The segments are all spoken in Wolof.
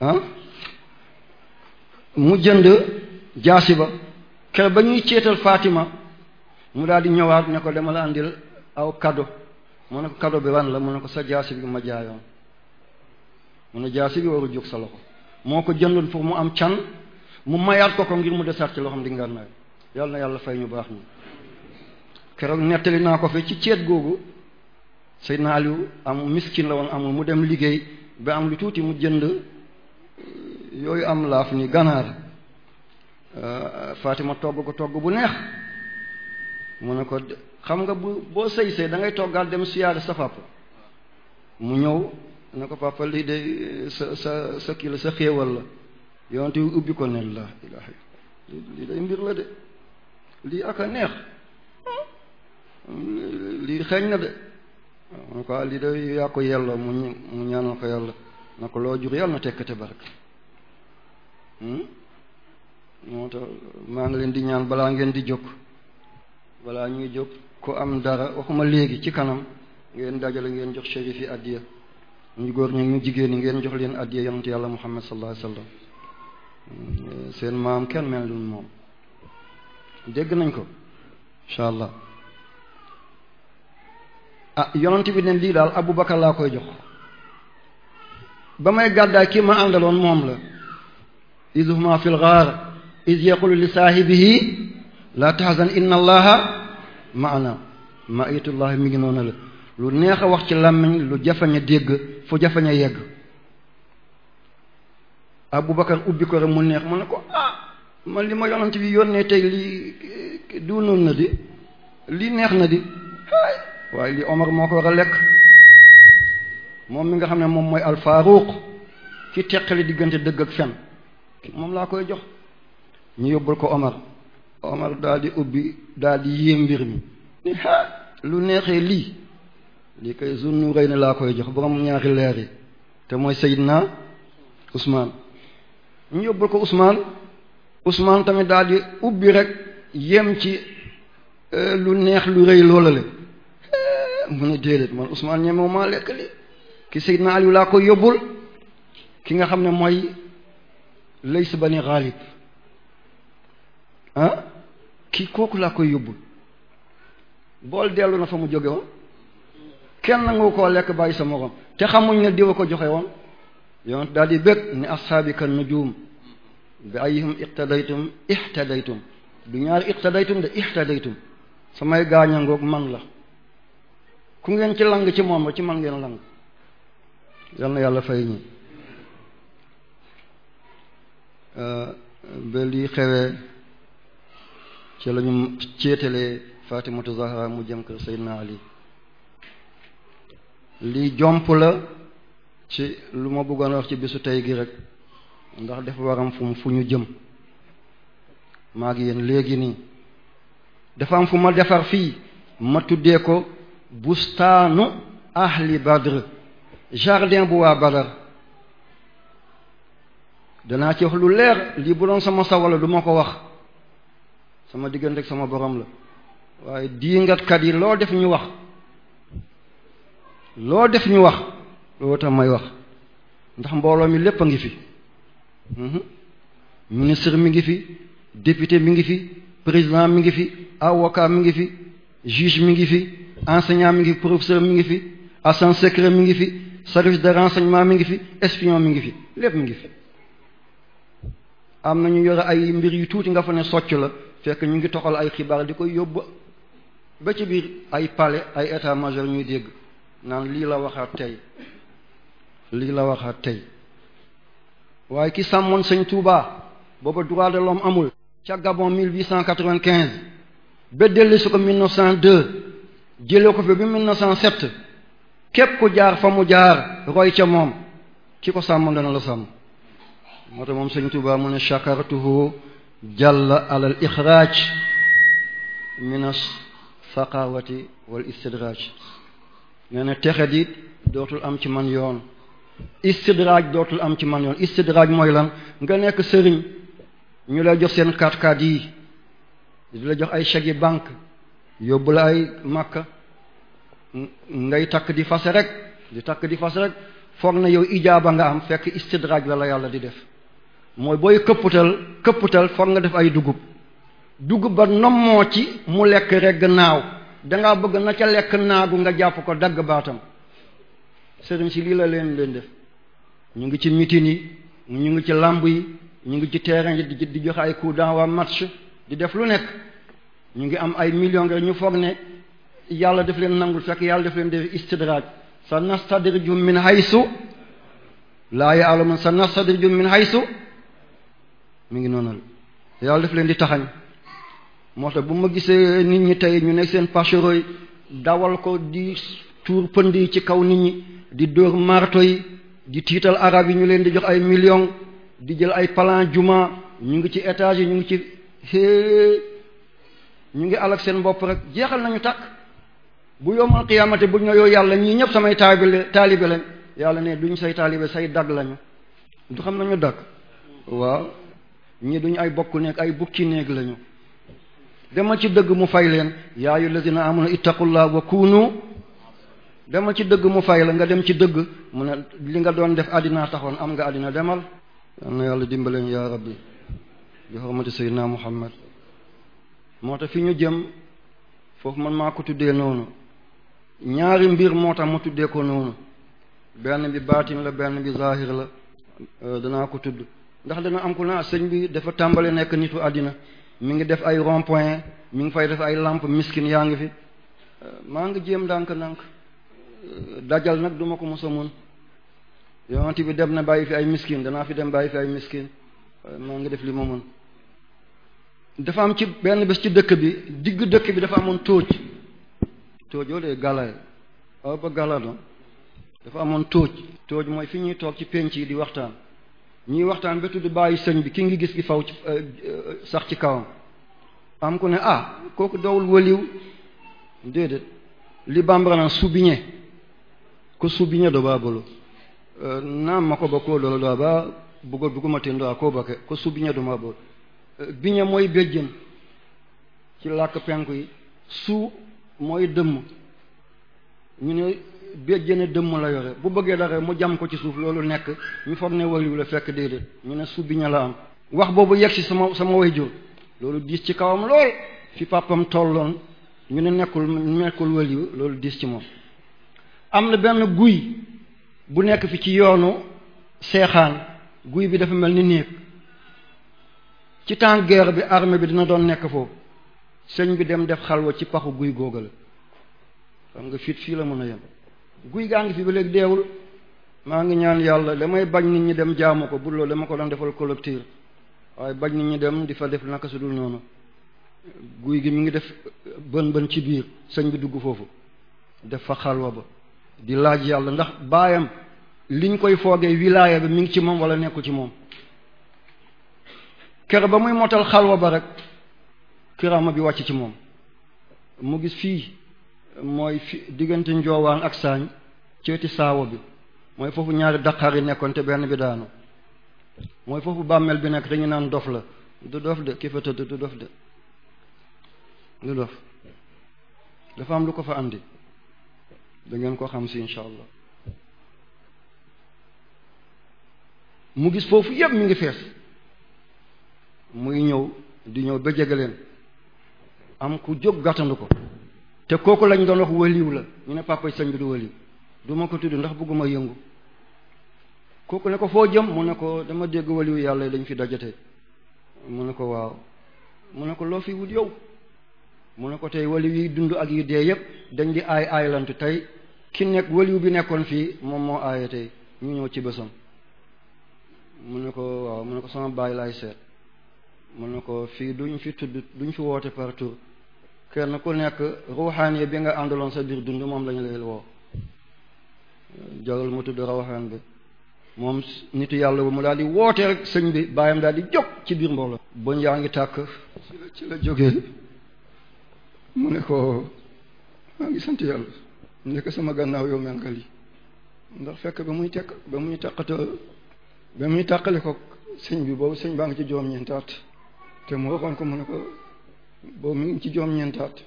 ah mu jënd jaasi ba kere ba ñuy ceetal Fatima mu daal di ñëwaat ne ko dama la andil aw kado moo ne ko kado bi wan la mu ne ko sa jaasi bi ma jaayoon mu ne jaasi bi waru jóg sa loxo moo ko jëndoon pour mu am can mu mayaat ko ko ngir mu desaat ci loo xam di nga yàlla na yàlla fay ñu baax ñu keroog nettali naa ko fi ci ceet googu Seydina Aliou am miskin la woon amul mu dem liggéey ba am lu tuuti mu jënd yooyu am laaf ni ganaar euh, Fatima togg ko togg bu neex mu ne ko xam nga bu boo sëy sëy da ngay toggaat dem siyaare sa papa mu ñëw ne ko papa lii de sa sa sa kii la sa xéewal la yonte ubbi ko ne la lii day mbir la de lii ak neex lii xeeñ na de mu ne ko ah, lii de yaa ko yelloo mu ñaanal ko yàlla na ko loo jur yàlla na tekkate barke Hmm? moo tax maa ngi leen di ñaan balaa ngeen di jóg balaa ñuy jóg ko am dara waxuma léegi ci kanam ngeen dajale ngeen jox chérif yi addiya ñu góor ñu ñu jigéen ñi ngeen jox leen addiya yonent yàlla muhammad sallallahu alayhi wasallam hmm, seen maam kenn mel lu moom dégg nañ ko incha allah ah yonent bi ne lii daal abu abubakar laa koy jox ba may gàddaay kii ma àndaloon moom la iz huma fi lgaar iz yaqulu li saahibihi laa tahzan inna allaha maana maitullahi mi ngi noonu la lu neex a wax ci làmmiñ lu jafañ a dégg fu jafañ a yegg abubakar ubbi ko rek mu neex mu ne ko ah man li ma yonent yoon yónnee tey lii duunoon na di lii neex na di waaye lii omar moo ko war a lekk moom mi nga xam ne moom mooy alfaaruq ci li diggante dëgg ak fen moom laa koy jox ñu yóbbul ko Omar Omar daldi ubbi daldi di yéem mbir mi lu neexee lii lii koy zunnu rëy na laa koy jox borom ñaari leer yi te mooy Seydina Ousmane ñu yóbbul ko Ousmane Ousmane tamit daal di ubbi rek yem ci euh, lu neex lu rëy loolale mu ne déedéet man Ousmane ñemewu lekk li ki Seydina Aliou laa koy yóbbul ki nga xam ne mooy laysa bani xaalib ah kii kooku laa koy yóbbul bool dellu na fa mu jóge woon kenn nangu koo lekk bàyyi sa morom te xamuñ ne a ko joxe woon yonent daal di bëgg ni asxaabika nujum bi ayhum iqtadaytum ihtadaytum du ñaari iqtadaytum de ihtadaytum samay gaañangoog man la ku ngeen ci lang ci moom la ci man ngeen lang yal na yàlla fay ñii Euh, ba lii xewee ci la ñu ceetalee Zahra mu jëm kër Seydina Ali lii jomp la ci lu ma bëggoon wax ci bisu tey gi rek ndax dafa waram fu fu ñu jëm maa ngi yéen léegi nii dafa am fu ma defar fii ma tuddee ko bustaanu ahli badr jardin bu waa badar danaa ci wax lu leer lii bu doon sama sawala du ma ko wax sama diggante ak sama borom la waaye diingatkat yi loo def ñu wax loo def ñu wax loolu tam may wax ndax mbooloo mi lépp a ngi fi ministre mi ngi fi député mi ngi fi président mi ngi fi awoka mi ngi fi juge mi ngi fi enseignant mi ngi fi professeur mi ngi fi assistant secret mi ngi fi service de renseignement mi ngi fi espion mi ngi fi lépp mi ngi fi am na ñu yore ay mbir yu tuuti nga fa ne socc la fekk ñu ngi toxal ay xibaar di koy yóbbu ba ci biir ay pale ay état major ñuy dégg naan lii la waxaat tey lii la waxaat tey waaye ki sàmmoon sëñ tuuba booba droit de l'homme amul ca Gabon 1895 ba delli su ko 1902 jëlee ko fi bi képp ku jaar fa mu jaar roy ca moom ki ko sàmmoon dana la sàmm moo tax moom sëñ Tuubaa mu ne shakartuhu jàll alal ixraaj minas saqawati wal istidraaj nee ne texet yi dootul am ci man yoon istidraaj dootul am ci man yoon istidraaj mooy lan nga nekk sëriñ ñu lay jox seen kaat-kaat yi di la jox ay chèques bànk banque yóbbu la ay makka ngay takk di fase rek di takk di fase rek foog na yow ijaaba nga am fekk istidraaj la la yàlla di def mooy booy këpputal këpputal foog nga def ay dugub dugub ba nommoo ci mu lekk regg naaw dangaa bëgg na ca lekk naagu nga jàpp ko dagg baatam sëriñ si lii la leen leen def ñu ngi ci mitin yi ñu ngi ci làmb yi ñu ngi ci terrain yi di joxe ay coup d'envoi match di def lu nekk ñu ngi am ay million nga ñu foog ne yàlla def leen nangul fekk yàlla def leen def istidraaj sa nastadrijum min haysu laa ya'lamun sa nastadrijum min haysu mi ngi noonu yàlla daf leen di taxañ moo tax bu ma gisee nit ñi tey ñu nekk seen pachero yi dawal ko di tuur pënd yi ci kaw nit ñi di dóor marto yi di tiital arab yi ñu leen di jox ay million di jël ay plan jumaa ñu ngi ci étage yi ñu ngi ci xée ñu ngi alak seen bopp rek jeexal nañu tàkk bu yowmal qiyaamate bu na yow yàlla ñii ñëpp samay taalibe taalibe lañ yàlla ne duñ say taalibe say dag lañu du xam nañu dag waaw ñi duñu ay bokk néeg ay bukki néeg lañu demal ci dëgg mu fay leen yaa ayu lazina amanu ittaqullah wa kunu demal ci dëgg mu fay la nga dem ci dëgg mu ne li nga doon def àddina taxoon am nga àddina demal yal na yàlla dimbaleen yaa rabbi bi xormati sayyidina muhammad moo tax fi ñu jëm foofu man maa ko tuddee noonu ñaari mbir moo tax ma tuddee ko noonu benn bi baatin la benn bi zahir la euh, danaa ko tudd ndax dana am ku naa sëñ bi dafa tàmbali nekk nitu àddina mi ngi def ay rond point mi ngi fay def ay lampe miskin yaa ngi fi euh, maa ngi jéem ndànk-ndànk euh, dajal nag duma ko mos a mun yonent bi dem na bàyyi fi ay miskin danaa fi dem bàyyi fi ay miskin euh, maa ngi def li ma mun dafa am ci benn bés ci dëkk bi digg dëkk bi dafa amoon tóoj tóojoo de galay aw ba gala dafa amoon tóoj mooy fi ñuy toog ci penc yi di waxtaan ñuy waxtaan ba tudd bàyyi sëñ bi ki ngi gis gi faw ci euh, euh, sax ci kawam am ku ne ah kooku dowul wëliw déedéet li bambara naan soubigne ko soubigne do baa bolo euh, naam ma ko ba koo dolo do ba bugol buguma ten do a koo bake ko soubigne do ma bolo biñe mooy béjjën ci làkk penku yi suu mooy dëmm ñu ne béjjéne dëmm la yore bu bëggee dara mu jam ko ci suuf loolu nekk ñu foog ne waliwu la fekk de ñu ne subbiña la am wax boobu yegg si sama sama wayjur loolu diis ci kawam lool fi papam tolloon ñu ne nekkul nekkul waliwu loolu diis ci moom am na benn guy bu nekk fi ci yoonu seexaan guy bi dafa mel ni néeg ci temps guerre bi armée bi dina doon nekk foofu sëñ bi dem def xalwa ci paxu guy googu la xam nga fit fii la mën a yem guy gaa ngi fi ba léegi deewul maa ngi ñaan yàlla la may bañ nit ñi dem jaamu ko bu loolu dama ko doon defal collecteur waaye bañ nit ñi dem di fa def naka su dul noonu guy gi mi ngi def bën bën ci biir sëñ bi dugg foofu def fa xalwa ba di laaj yàlla ndax baayam liñ koy foogee wilaaya bi mi ngi ci moom wala nekkul ci moom kër ba muy motal xalwa ba rek kiraama bi wàcc ci moom mu gis fii mooy fi diggante njoowaan ak saañ ceeti saawo bi mooy foofu ñaari daqaar nekkoon te benn bi daanu mooy foofu bàmmeel bi nekk dañu naan dof la du dof de ki fa tëdd du dof de du dof dafa am lu ko fa andi da ngeen ko xam si incha allah mu gis foofu yëpp mu ngi fees muy ñëw di ñëw ba jege leen am ku jóg gàttandu ko te kooku lañ doon wax waliw la ñu ne papa sëñ bi du waliw du ma ko tudd ndax bëgguma yëngu kooku ne ko foo jëm mu ne ko dama dégg waliw yàlla dañ fi dajate mu ne ko waaw mu ne ko loo fi wut yow mu ne ko tey waliw dund ak yi yëpp dañ di aay aaylant tey ki nekk waliw bi nekkoon fii moom moo aaye ñu ñëw ci bésam mu ne ko mu ne ko sama baay laay ne ko fii duñ fi tudd duñ fi woote partout kenn ku nekk ruuxaani bi nga àndaloon sa biir dund moom lañu lay woo jarul mu tudd rawaxaan bi moom nit yàlla bu mu daal di wootee rek sëñ bi bàyyam daal di jóg ci biir mbooloo bañ yaa ngi tàkk ci la ci jógee mu ne ko maa ngi sant sama gànnaaw yow mel fekk ba muy tekk ba muy tàqata ba muy tàqale ko sëñ bi boobu sëñ baa ngi ci joom ñeentaat te mu waxoon ko mu ne ko boobu mi ci juróom-ñeenti at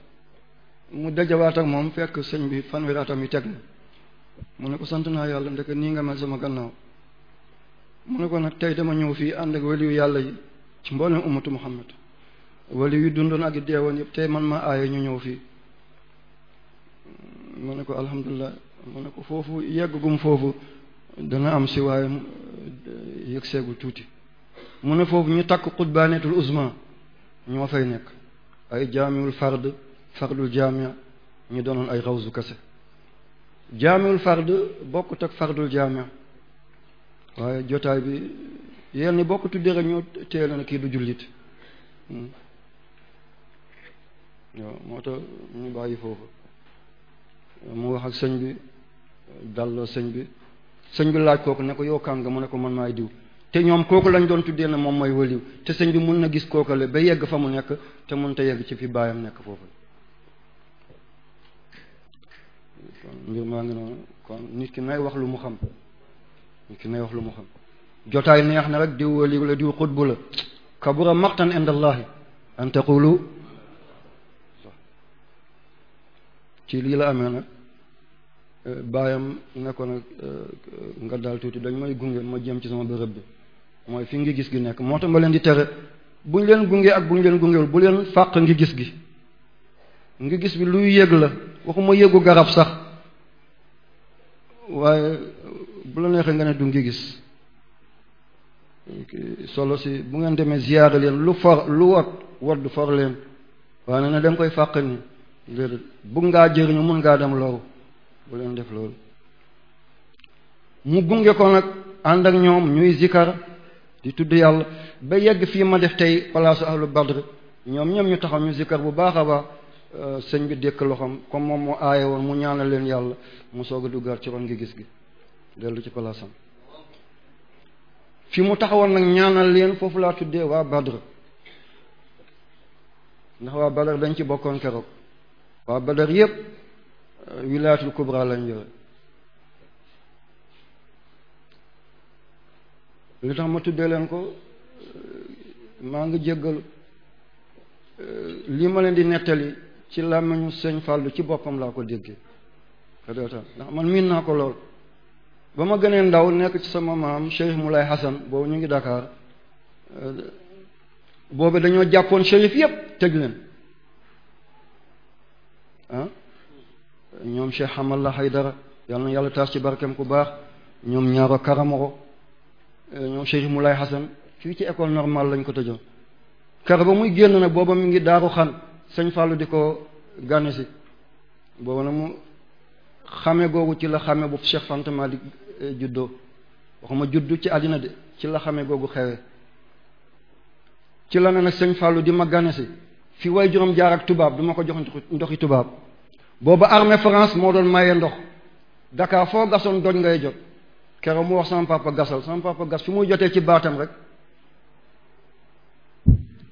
mu dajawaat ak moom fekk sëñ bi fanweeri atam yi teg na mu ne ko sant naa yàlla ndek nii nga mel sama gannaaw mu ne ko nag tey dama ñëw fii ànd ak waliyu yàlla yi ci mboolem ummatu muhammad wali yu dundoon ak deewoon yëpp tey man ma aaye ñu ñëw fii mu ne ko alhamdulilah mu ne ko foofu yeggagum foofu dana am si waaye yëg seegul tuuti mu ne foofu ñu takk xutbaanetul uzma ñoo fay nekk ay jaamiul fard fardul jaamia ñu doonoon ay rawsu kese jaamiul fard bokkut ak fardul jaamia waaye jotaay bi yéen ni bokk tuddee rek ñu téye kii du jullit hmm. waaw moo tax ñu bàyyi foofu mu wax ak sëñ bi dalloo sëñ bi sëñ bi laaj kooku ne ko yow kan nga mu ne ko man maay diw te ñoom kooku lañ doon tuddee ne moom mooy wëliw te sëñ bi mun na gis kookale ba yegg fa mu nekk te mënut a yegg ci fi baayam nekk foofu maa ngi noonu nit ki nay wax lu mu xam nay wax lu mu xam jotaay neex na rek diw waliyu la diw xutbu la kabura maqtan inda allahi an taqulu ci lii la amee nag baayam ne ko nag nga daal tuuti dañ may gunge ma jëm ci sama bërëb bi mooy fi ngi gis gi nekk moo tax ma leen di tere buñ leen gungee ak bu buñ leen gungewul bu leen fàq ngi gis gi ngi gis bi luy yëg la waxuma yëgu garab sax waaye bu la neexee nga ne du ngi gis solo si bu ngeen demee ziyaare leen lu for lu wat wadd for leen waaye ne na danga koy fàq ni bugg ngaa jëriñu mun ngaa dem loru bu leen def loolu mu gunge ko nag ànd ak ñoom ñuy zikar di tudd yàlla ba yegg fii ma def tey palaasu allu badr ñoom ñoom ñu taxaw ñu zikkar bu baax a baax euh, sëñ bi dékk loxoom comme moom moo aaye woon mu ñaanal leen yàlla mu soog a duggaat ci ron ngi gis gi lu ci palaasam fi mu taxawoon nag ñaanal leen foofu laa tuddee waa badr ndax waa badr dañ ci bokkoon keroog waa badr yépp euh, wilaayatul kubra lañ yore lu tax ma tuddee leen ko maa ngi jéggal lii ma leen di nettali ci làmmiñu sëñ Fallou ci boppam laa ko déggee kadootan ndax man miin naa ko lool ba ma gënee ndaw nekk ci sama maam Cheikh Moulay Hassan boobu ñu ngi dakaar boobu dañoo jàppoon shérif yépp tëj leen ah ñoom Cheikh la Haydara yàlla na yàlla taas ci barkeem ku baax ñoom ñaaro karamoro ñoom mu lay Hassan fii ci école normal lañ ko tëjoon kar ba muy génn nag booba mu ngi daaru xan sëñ Fallou di ko gane si booba nag mu xame googu ci la xame bu Cheikh Fanta Malik eh, juddoo waxuma juddu ci àddina de ci la xame googu xewee ci la ne nag sëñ Fallou di ma gane si fi way juróom jaar ak tubaab du ma ko jox ndoxi tubaab booba armée France moo doon maye ndox dakaar foo gasoon doj ngay jot keroog mu wax sama papa gasal sama papa gas fi muy jotee ci baatam rek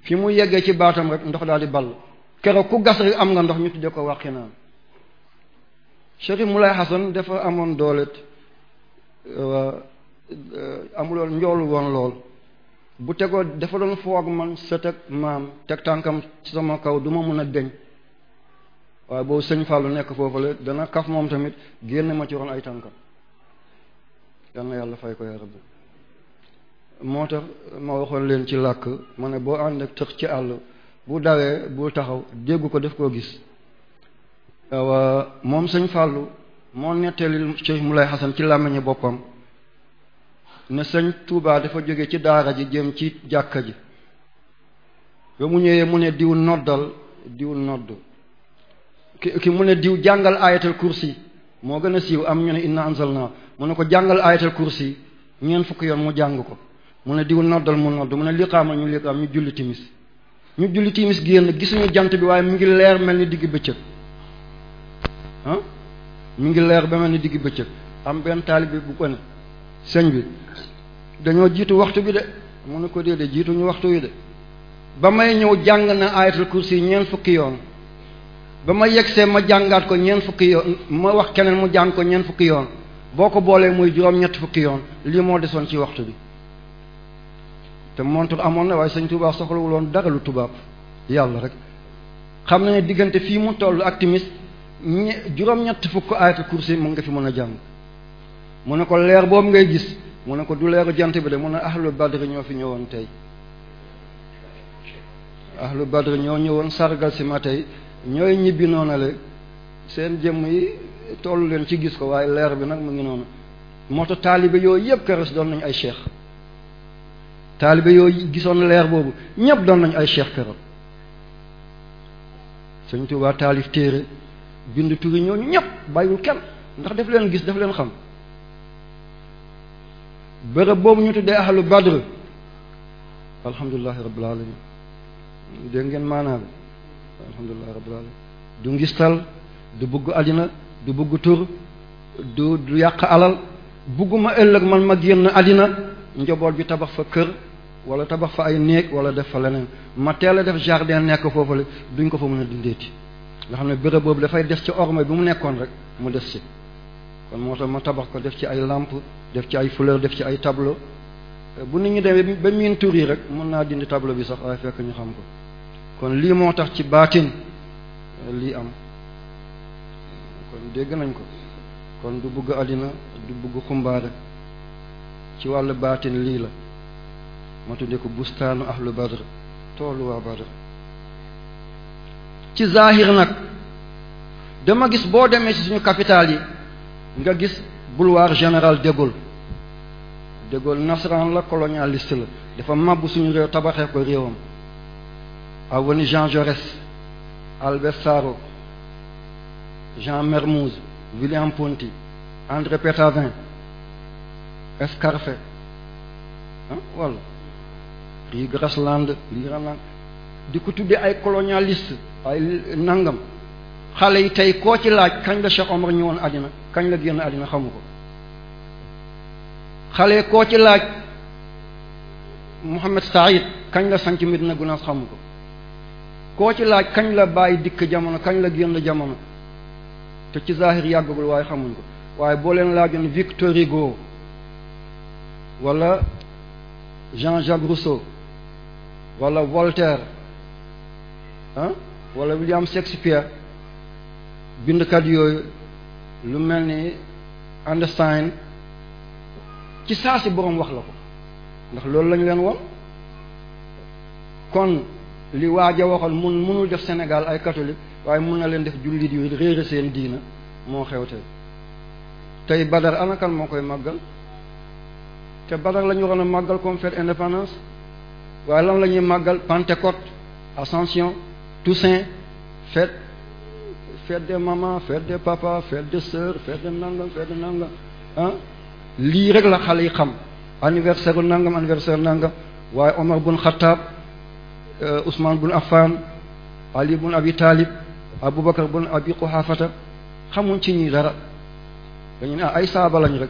fi mu yeggee ci baatam rek ndox daal di ball keroog ku gas rek am nga ndox ñu de ko wàqi naan Cheikh Moulay Hassan dafa amoon doolet eh, amuloon njoolu woon lool bu tegoo dafa doon foog man sët ak maam teg tànkam sama kaw duma mën a deñ waaye boobu sëñ Fallou nekk foofu la dana kaf moom tamit génn ma ci woon ay tànkam yal na yàlla fay ko yaa rabbi moo tax ma waxoon leen ci làkk ma ne boo ànd ak tëx ci àll bu dawee bul taxaw dégg ko def koo gis wa moom sëñ Fallou moo nettali Cheikh Moulay Hassan ci làmmiñu boppam ne sëñ tuubaa dafa jóge ci daara ji jëm ci jàkka ji ba mu ñëwee mu ne diw noddal diw nodd ki ki mu ne diw jàngal ayatal kursi moo gën a siiw am ñu ne inna anzalna mu ne ko jàngal ayatal kursi ñeent fukki yoon mu jàng ko mu ne diw noddal mu nodd mu ne liqaamal ñu liqaam ñu julli timis ñu julli timis génn gisuñu jant bi waaye mi ngi leer mel ni digg bëccëg ah ngi leer ba ni digg bëccëg am benn taalibe bu ko bi dañoo jiitu waxtu bi de ne ko déedéet jiituñu waxtu bi de may ñëw jàng na ayatul kursi ñeent fukki yoon ba ma yegsee ma jàngaat ko ñeent fukki yoon ma wax keneen mu jàng ko ñeent fukki yoon boo ko boolee muy juróom-ñett fukki yoon lii moo desoon ci waxtu bi te montre amoon na waaye sëñ Tuubaa soxlawul woon dara lu tubaab yàlla rek xam na diggante fii mu toll ak timis ñe juróom-ñett fukk ayatu kursi mu nga fi mën a jàng mu ne ko leer boobu ngay gis mu ne ko du leeru jant bi de mu ne ahlu badri ñoo fi ñëwoon tey ahlu badri ñoo ñëwoon sargal si ma tey ñooy ñibbi noonale seen jëmm yi toll leen ci gis ko waaye leer bi nag mu ngi noonu moo tax taalibe yooyu yëpp keres doon nañ ay cheikh taalibe yooyu gisoon leer boobu ñëpp doon nañ ay cheikh keroog Sëñ Tuubaa taalif téere bind turi ñooñu ñëpp bàyyiwul kenn ndax daf leen gis daf leen xam bërëb boobu ñu tuddee ahlu badr alhamdulillahi rabbil alamin dégg ngeen maanaa bi alhamdulillahi rabbil alamin du ngistal du bëgg àddina du bëgg tur du du yàq alal bugguma ëllëg man ma génn àddina njaboot bi tabax fa kër wala tabax fa ay néeg wala def fa leneen ma teel a def jardin nekk foofu la duñ ko fa mën a dundeeti nga xam ne béréb boobu dafay des ci orme bi mu nekkoon rek mu des ci kon moo tax ma tabax ko def ci ay lampe def ci ay fleur def ci ay tableau bu nit ñi demee ba miin tur yi rek mën naa dindi tableau bi sax waaye fekk ñu xam ko kon lii moo tax ci baatin lii am kon dégg nañ ko kon du bëgg àddina du bëgg xumbaare ci wàll baatin lii la ma tudde ko bustaanu ahlu badr toolu waa badr ci zahir nag dama gis boo demee ci suñu capital yi nga gis boulevard général de Gaulle nasraan Gaulle nasaraan la colonialiste la dafa màbb suñu réew tabaxee ko réewam avenue Jean Jaurès Albert Sarraut Jean Mermoz William Ponty André Pétavin Escarfet ah voilà Lee Grasland Lee Grasland di ko tuddee ay colonialiste ay nangam xale yi tey koo ci laaj kañ la Cheikh Omar ñëwoon àddina kañ la génn àddina xamu ko xale koo ci laaj Mohamed Saïd kañ la sanc Medina Gunaas xamu ko koo ci laaj kañ la bàyyi dikk jamono kañ la génn jamono te ci zahir yàggagul waaye xamuñ ko waaye boo leen laajoon Victor Hugo wala Jean-Jacques Rousseau walla Voltaire ah wala William Shakespeare bindkat yooyu lu mel ni Einstein ci saa si boroom wax la ko ndax loolu lañu leen woon kon li waaja waxoon mun munul def Sénégal ay catholique waaye mun na leen def jullit yu réere seen diina moo xew tey tey anakan moo koy màggal te badar la ñu waroon a màggal comme fête indépendance waaye lan màggal Pentecôte Ascension Toussaint fête fête des mamans fête des papas fête des sœurs fête de nangam fête de nangam lii rek la xale yi xam anniversaire u nangam anniversaire nangam waaye Omar bun Khattab euh, Ousmane bun Affan Ali bun Abi Talib Abu Bakar bun Abi Quhafata xamuñ ci ñi dara dañu ne ah, ay saaba lañ rek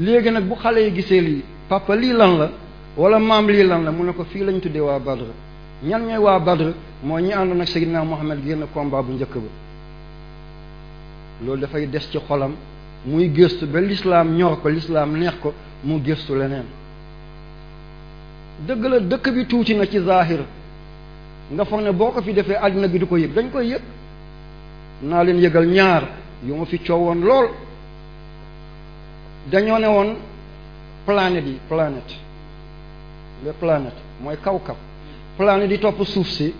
léegi nag bu xale yi gisee lii papa lii lan la wala maam lii lan la mu ne ko fii lañu tuddee waa Badr ñan ñooy waa Badr mooy ñi àndoon ak Seydina Muhammad génn combat bu njëkk ba loolu dafay des ci xolam muy gëstu ba lislaam ñor ko lislaam neex ko mu gëstu leneen dëgg la dëkk bi tuuti na ci zaahir nga foog ne boo ko fi defee àdduna gi du ko yëg dañ koy yëg naa leen yëgal ñaar yu ma fi woon lool dañoo ne woon planètes yi planète les planètes mooy kaw-kaw planètes yi topp suuf si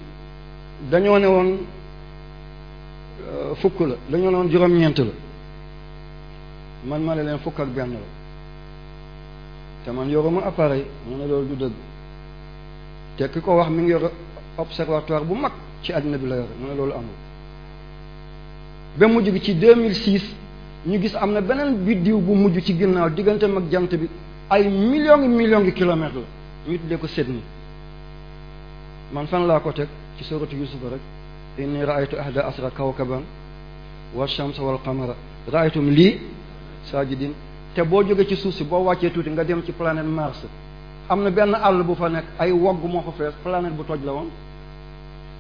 dañoo ne woon euh, fukk la dañoo ne woon juróom-ñeent la man ma ne leen fukk ak benn la te man yoruma appareil mu ne loolu du dëgg te ki ko wax mi ngi yor observatoire bu mag ci àddina bi la yore mu ne loolu amul ba mujj gi ci 2006 ñu gis am na beneen biddiw bu mujj ci ginnaaw diggante mag jant bi ay millions ngi millions ngi kilomètres la ñu tuddee ko Sydney man fan laa ko teg ci suratu Yusufa rek inni raaytu ahda asra kawkaban wa shamsa wal qamara raaytum lii saajidin te boo jógee ci suuf si boo wàccee tuuti nga dem ci planète Mars am na benn àll bu fa nekk ay wogg moo fa fees planète bu toj la woon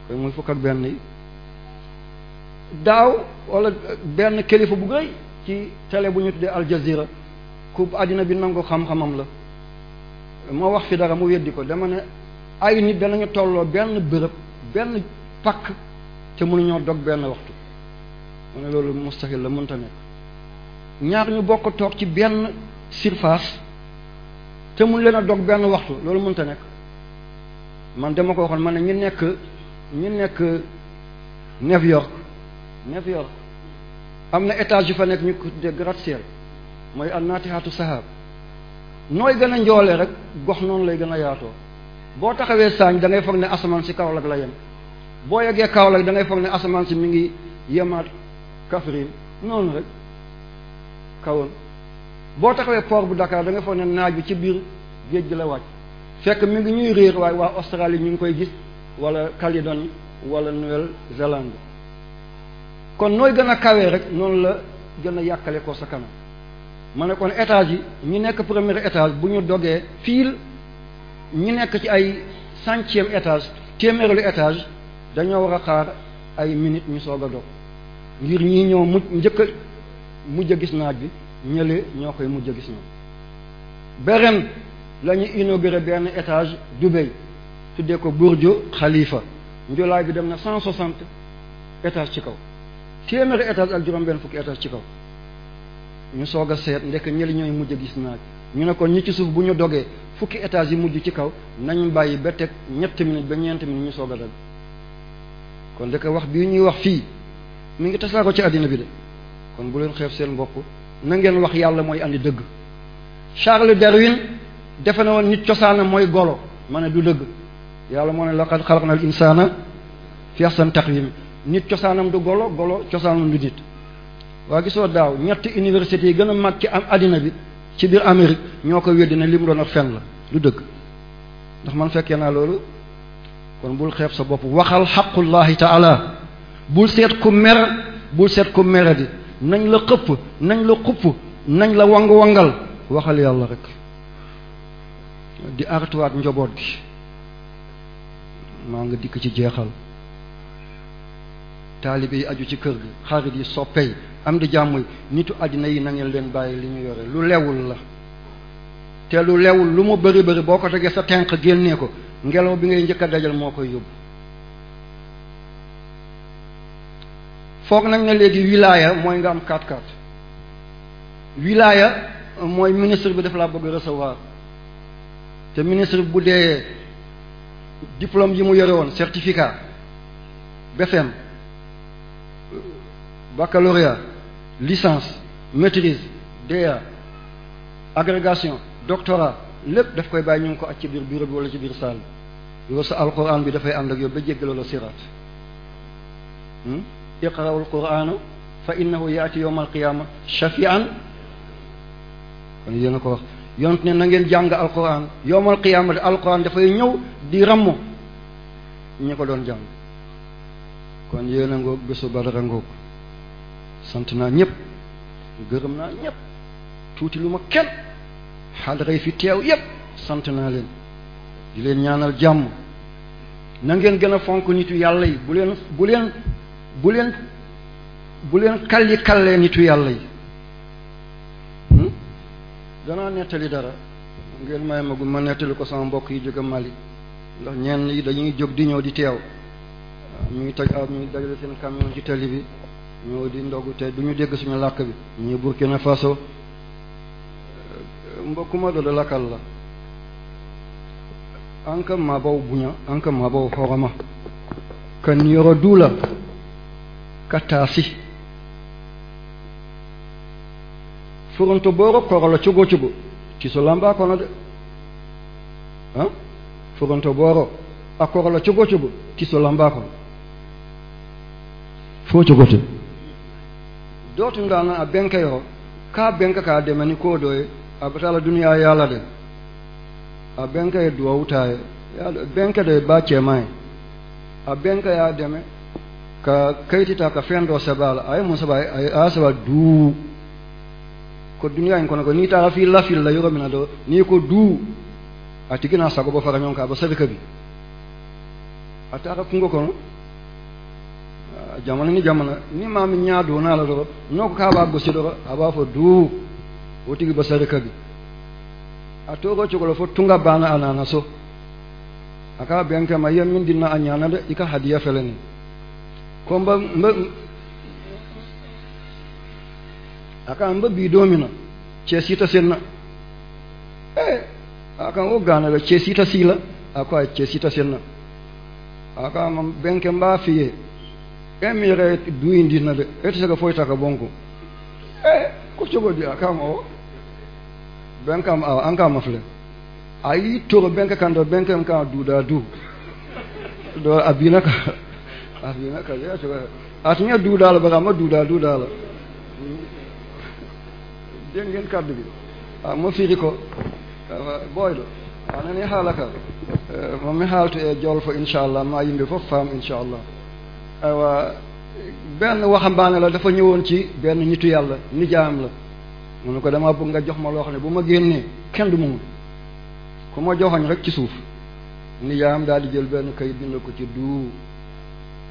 koy muy fukk ak benn yi daaw wala benn kilifa bu gëy ci télé bu ñu tuddee Al Jazeera ku àddina bi nangu xam-xamam la moo wax fi dara mu weddi ko dama ne ay nit danañu tolloo benn bërëb benn pakk te mënuñoo dog benn waxtu mu ne loolu mustahil la mënta nekk ñaar ñu bokk toog ci benn surface te mun leen a dog benn waxtu loolu mënta nekk man dama ko waxoon man ne ñu nekk ñi nekk New York am na étage yu fa nekk ñu ko gratte-ciel mooy an naatihaatu sahab nooy gën a njoole rek gox noonu lay gën a yaatoo boo taxawee saañ da ngay foog ne asamaan si Kaolack la yem boo yeggee Kaolack da ngay foog ne asamaan si mu ngi yemaat kafrin noonu rek kawoon boo taxee port bu Dakar da nga foog ne naaj bi ci biir géej gi la wàcc fekk mi ngi ñuy réer waaye waa Australie ñu ngi koy gis wala Calédonie walla Nouvelle-Zélande kon nooy gën a kawee rek noonu la gën a yàkkale ko sa kanam ma ne kon étage yi ñu nekk premier étage bu ñu dogee fiil ñu nekk ci ay centième étage téeméerlu étage dañoo war a xaar ay minutes ñu soog a dog ngir ñi ñoo mujj njëkk mujj a gis naaj bi ñële ñoo koy mujj gis ñoom beren la ñu inauguré benn étage Dubaï tuddee ko Burju Khalifa njulaay bi dem na cent soixante étage ci kaw téeméeri étage ak juróom benn fukki étage ci kaw ñu soog a seet ndekk ñëli ñooy mujj gis naa ñu ne kon ñi ci suuf bu ñu dogee fukki étage yi mujj ci kaw nañ bàyyi ba teg ñetti minutes ba ñeenti minutes ñu soog a dog kon ndekk wax bii ñuy wax fii mu ngi tasaaroo ci àddina bi de kon bu leen xeeb seen bopp na ngeen wax yàlla mooy andi dëgg Charles Darwin defe na woon nit cosaanam mooy golo ma ne du dëgg yàlla moo ne laqad xalaqna al insana fi ahsani taqwim nit cosaanam du golo golo cosaanam du nit waa gisoo daaw ñetti universités yi gën a mag ci am àddina bi ci biir amerique ñoo ko weddi na li mu doon a fen la du dëgg ndax man fekkee naa loolu kon bul xeeb sa bopp waxal xaqullahi taala bul seet ku mer bul seet ku meradi nañ la xëpp nañ la xupp nañ la wang-wangal waxal yàlla rek di artuwaat njaboot gi maa nga dikk ci jeexal taalibe yi aju ci kër gi xarit yi soppe yi am di jàmm yi nitu àddina yi na ngeen leen bàyyi li ñu yore lu lewul la te lu lewul lu mu bari bëri boo ko tegee sa tenq génnee ko ngelaw bi ngay njëkk dajal moo koy yóbbu foog nañ ne léegi wilaya mooy nga am 4-4 wilaya euh, mooy ministre bi daf laa bëgg recevoir te ministre bu dee diplôme yi mu yore woon certificat BFM euh, baccalauréat licence maîtrise DEA agrégation doctorat lépp daf koy bàyyi ñu ngi ko ak ci biir bureau bi wala ci biir salle yow sa alquran bi dafay ànd ak yow ba jéggala la siraat hmm? iqra'u alqur'ana fa innahu yaati yawma alqiyama shafi'an kon yéen ko wax yonent ne na ngeen jàng alquran yawmal qiyaama alquran dafay ñëw di rammo ñu ko doon jàng kon yéen a ngoog bésu badara ngoog sant naa ñëpp gërëm naa ñëpp tuuti lu ma kenn xaadara yi fi teew yëpp sant naa leen di leen ñaanal jàmm na gën a fonk nitu yàlla yi bu leen bu leen bu leen bu leen kalli kallee nitu yàlla yi hmm? danaa nettali dara ngeen may magul ma nettali ko sama mbokk yi jóge Mali ndax ñenn yi dañuy jóg di ñëw di teew ah, ñu ngi taj ah, ñu dajale seen camion ci tali bi ñëw di ndogu te du ñu dégg suñu làkk bi ñuy Burkina Faso eh, mbokku ma dodo lakkal la anka ma baw buña anka ma baw xoroma kan yoro duula katasi furonto boro korola cogo cogo kisolamba kono de han furonto boro a korola cogo cogo kisolamba kono fo cogoto dotundana a benkeyoro ka benka ka demani kodoye abatala duniya yalade a benka ye duwawutaye benke de ba cemaye a benka ya deme ka kayitita ka fɛn dɔ sɛbɛ la a ye mun sɛbɛ a y'a sɛbɛ duu ko duniya in kɔnɔ ko n'i taara f'i lafili la yɔrɔ min na dɔ ko duu a tigi n'a sago bɔ fara ɲɔgɔn kan a bɛ sɛbɛ ka bi a taara kungo kɔnɔ jamana ni jamana ni maa min y'a don n'a la dɔrɔn n'o ko k'a b'a gosi dɔrɔn a b'a duu o tigi bɛ sɛbɛ ka bi a tora o la fo tunga banna a nana so a k'a bɛn kɛ ma i ye min di a ɲana dɛ i ka hadiya fɛlɛ nin kwamba mba akan mbabi domina che sita senna eh akan wo ganaga che sita sila akwa che sita senna aka mam benke mba fiye emire duindi na be etisega foyta ka bonko eh ko cogodi akam o benkam aw ah, ankam afle ayi toro benke kando benke kam duda du do abina ka afiyama kaza sura atmiya duudala daal duuda duudala dégg ngeen kàddu bi ah mo fiiri ko ah, boyɗo anani ah, haala ka eh, mami haalto e jolfo inchallah ma yimɓe fof faam inchallah benn waxambaane la dafa ñëwoon ci benn ñitu yàlla nijaam la mu ne ko damaa bëgg nga jox ma loo ne bu ma génnee kenn du moom ku ma joxoñ rek ci suuf nijaam daal di jël benn kayit bind ko ci duu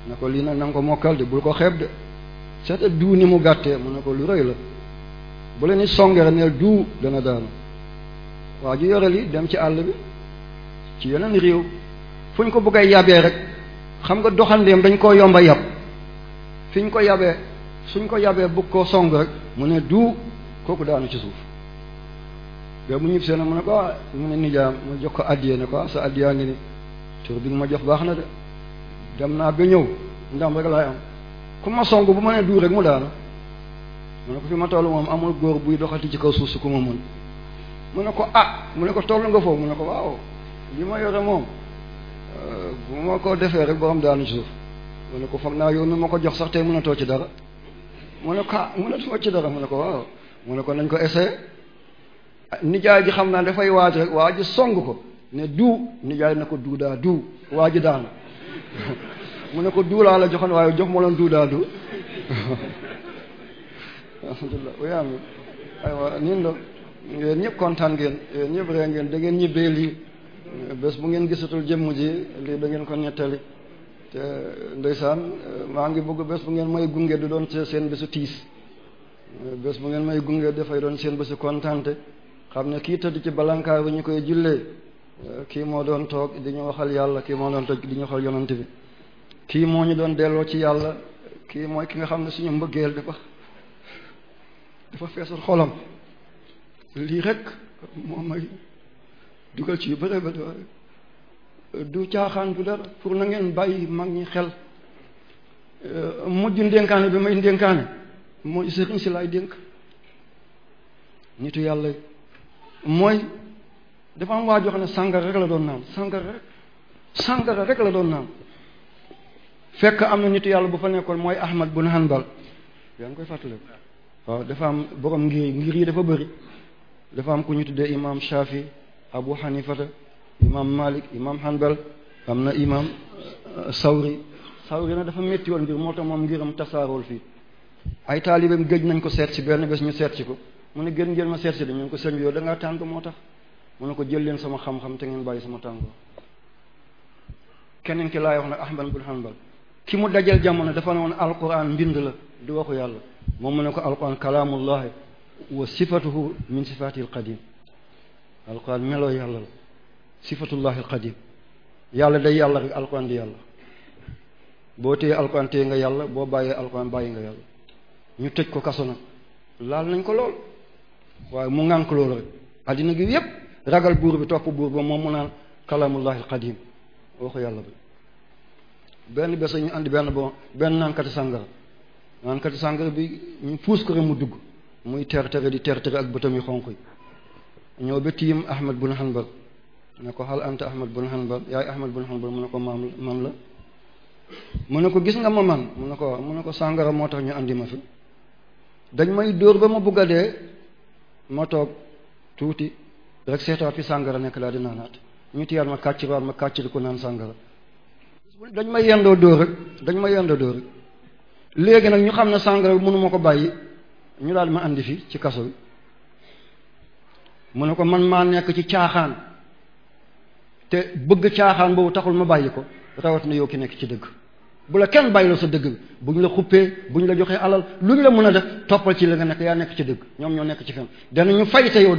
ne ko lii na nga ko mokkal de bul ko xeeb de seeta duu ni mu gàttee mu ne ko lu rëy la bu leen ni songere neel duu dana daanu waa ji yore li dem ci àll bi ci yeneen réew fu ñu ko bëgg a yabee rek xam nga doxandeem dañ koo yomba yab fi ñu ko yabee suñ ko yabee bugg koo song rek mu ne duu kooku daanu ci suuf ba mu ñib see na mu ne ko ah, mu ne nijaam ma jox ko addiye ne ko ah, sa addiyaa ngi ni tur bi ma jox baax na de dem naa ba ñëw ndam rek laay am ku ma song bu ma nee duur rek mu daanu mu ne ko fi ma toll moom amul góor buy doxati ci kaw suuf si ku ma mën mu ne ko ah mu ne ko toll nga foofu mu ne ko waaw li ma yore moom euh, bu ma ko defee rek borom daanu suuf mu ne ko foog naa yow nu ma ko jox sax tey mënatoo ci dara mu ne ko ah mënatoo mu ne ko waaw ne ko nañ ko essayé nijaay ji xam naa dafay waaj rek waa ji song ko ne duu nijaay na ko duu daa duu waa ji daanu mu ne ko duulaa la joxoon waaye jox moo doon duudaa du alhamdulilah uyaa mi niin la yéen ñëpp kontaan ngeen yéen ñëpp ree ngeen da ngeen ñibbee lii bés bu ngeen gisatul jëmm ji lii da ngeen ko nettali te ndeysaan maa ngi bëgg bés bu ngeen may gunge du doon seen bésu tiis bés bu ngeen may gunge dafay doon seen bésu kontaante xam ne kii tëdd ci balankaaru ñu koy jullee kii moo doon toog di waxal yàlla kii moo doon toog di ñu waxal yonante bi kii moo ñu doon delloo ci yàlla kii mooy ki nga xam ne suñu mbëggeel dafa dafa feesul xolam lii rek moom may dugal ci yu bëre bëre du caaxaan du dara pour na ngeen bàyyi mag ñi xel euh, mujj ndénkaane bi may ndénkaane mooy sëriñ si laay dénk nitu yàlla mooy dafa am waa jox xam ne sàngara rek la doon naan sàngara rek rek la doon naan fekk am na nitu yàlla bu fa nekkoon mooy Ahmad bun Hanbal yaa ngi koy fàttaliku waaw dafa am borom ngir ngir yi dafa bëri dafa am ku ñu tuddee imam Shafi Abu Hanifata imam Malik imam Hanbal am na imam euh, Sawri Sawri na dafa métti woon ngir moo tax moom ngiram tasaarool fii ay taalibeem géej nañ ko seet si benn bés ñu seet si ko mu ne gën ngeen ma seet si dañu ko sëñ bi yow da ngaa moo tax mu ne ko jël leen sama xam-xam te ngeen bàyyi sama tàngoor keneen ki laay wax nag Ahmad ibn Hanbal ki mu dajal jamono dafa ne woon alquran mbind la du waxu yàlla moom mu ne ko alquran kalaamullahi wa sifatuhu min sifatil qadim alquran meloo yàlla la sifatullahi alqadim yàlla day yàlla rek di yàlla boo téye alquran téye nga yàlla boo bàyyee alquran bàyyi nga yàlla ñu tëj ko kaso nag laal nañ ko lool waaye mu ngànk loolu rek addina gi yépp ragal buur bi topp buur ba moom mu naan kalaamullahi alqadim waxu yàlla bi benn bés ñu andi benn bon benn naankati sàngara naankati sàngara bi ñu fuus ko rek mu dugg muy tertere di tertere ak bëtam yu xonq yi ñëw ba tiim Ahmad bun Hanbal ne ko xal anta Ahmad bun Hanbal yaay Ahmad bun Hanbal mu ne ko maam man la mu ne ko gis nga ma man mu ne ko mu ne ko sàngara moo tax ñu andi ma fi dañ may dóor ba ma bugg dee ma toog tuuti rek seetaat fi sàngara nekk laa di naanaat ñu tiyaat ma kàcc baat ma kàcc di ko naan sàngara dañ ma yendoo dóor rek dañ ma yendoo dóor rek léegi nag ñu xam ne sàngara mënu ma ko bàyyi ñu daal ma indi fi ci kaso bi mu ne ko man maa nekk ci caaxaan te bëgg caaxaan boobu taxul ma bàyyi ko rawat na yow ki nekk ci dëgg bu la kenn bàyyiloo sa dëgg bi buñ la xuppee ñu la joxee alal luñ la mën a def toppal ci la nga nekk yaa nekk ci dëgg ñoom ñoo nekk ci fen dana ñu fay te yow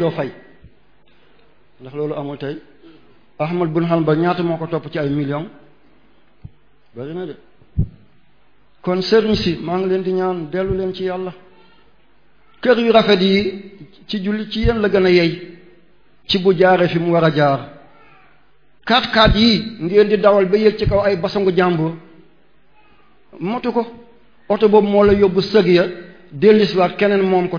ndax loolu amul tey Ahmad bun Hanbal ñaata moo ko topp ci ay millions bari na de kon sëriñ si maa ngi leen di ñaan dellu leen ci yàlla kër yu rafet yi ci jullit ci yéen la gën a yey ci bu jaaree fi mu war a jaar kaat-kaat yi ngeen di dawal ba yéeg ci kaw ay basangu jàmbur motu ko oto boobu moo la yóbbu sëg ya delliswaat keneen moom ko